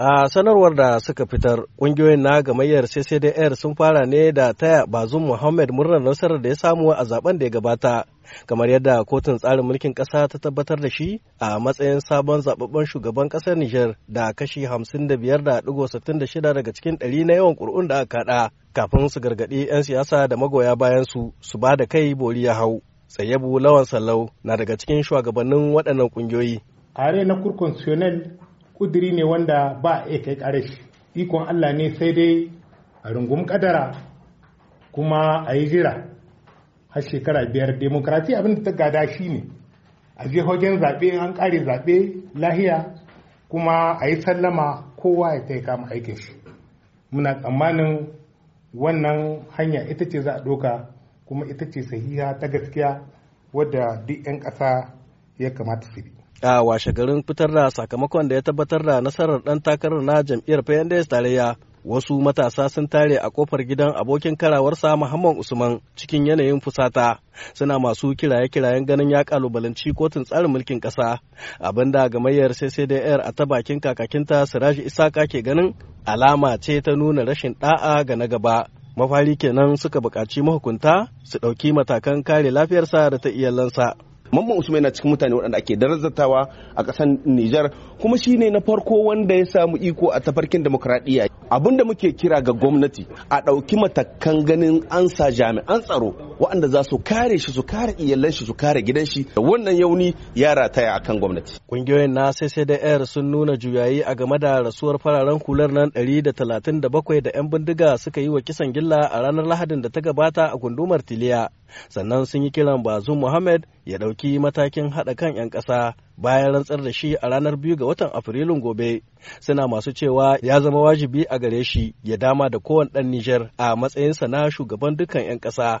A sanarwar da suka fitar, ƙungiyoyin na gamayyar CCDR sun fara ne da taya bazum Muhammad murnar nasarar da ya samu a zaben da ya gabata, kamar yadda kotun tsarin mulkin kasa ta tabbatar da shi a matsayin sabon zababben shugaban ƙasar Nijar da kashi 55.66 daga cikin ɗari na yawan kur'un da aka kada kafin su gargadi 'yan siyasa da magoya bayan su su ba da kai bori ya hau. Sayyabu Lawan Sallau na daga cikin shugabannin waɗannan ƙungiyoyi. Tare na kudiri ne wanda ba a kai kare shi ikon Allah ne sai dai a rungum kadara kuma a yi jira har shekara biyar demokrasi abin da ta gada shi ne a je zaɓe an kare zaɓe lahiya kuma a yi sallama kowa ya ta kama aikin shi muna tsammanin wannan hanya ita ce za a doka kuma ita ce sahiha ta gaskiya wadda duk 'yan ƙasa ya kamata su bi a washe garin fitar da sakamakon da ya tabbatar da nasarar ɗan takarar na jam'iyyar PNDS tarayya wasu matasa sun tare a kofar gidan abokin karawarsa Muhammad Usman cikin yanayin fusata suna masu kiraye-kirayen ganin ya kalubalanci kotun tsarin mulkin ƙasa abinda gamayyar CCDR a ta bakin kakakinta Siraji Isaka ke ganin alama ce ta nuna rashin da'a ga na gaba mafari kenan suka buƙaci mahukunta su ɗauki matakan kare lafiyarsa da ta iyalansa. Mamman Usman yana cikin mutane waɗanda ake darazatawa a ƙasar Nijar kuma shi ne na farko wanda ya samu iko a tafarkin demokradiyya. Abin da muke kira ga gwamnati a ɗauki matakan ganin ansa jami'an tsaro waɗanda za su kare shi su kare iyalan shi su kare gidan shi wannan yauni ya rataya akan gwamnati kungiyoyin na CCDR sun nuna juyayi a game da rasuwar fararen hular nan 137 da 'yan bindiga suka yi wa kisan gilla a ranar Lahadin da ta gabata a gundumar Tiliya sannan sun yi kiran bazu Muhammad ya ɗauki matakin haɗa kan 'yan ƙasa bayan rantsar da shi a ranar biyu ga watan Afrilun gobe suna masu cewa ya zama wajibi a gare shi ya dama da kowane ɗan Nijar a matsayinsa na shugaban dukkan 'yan ƙasa